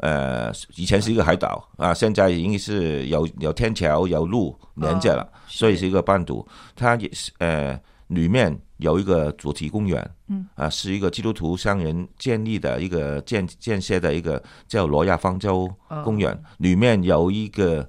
呃，以前是一個海島，哦、啊，現在已經是有有天橋，有路連接了，哦、所以是一個半島。誰它也是呃，裏面有一個主題公園，嗯，啊是一個基督徒商人建立的一個建建設的一個叫羅亞方舟公園，哦、裏面有一個。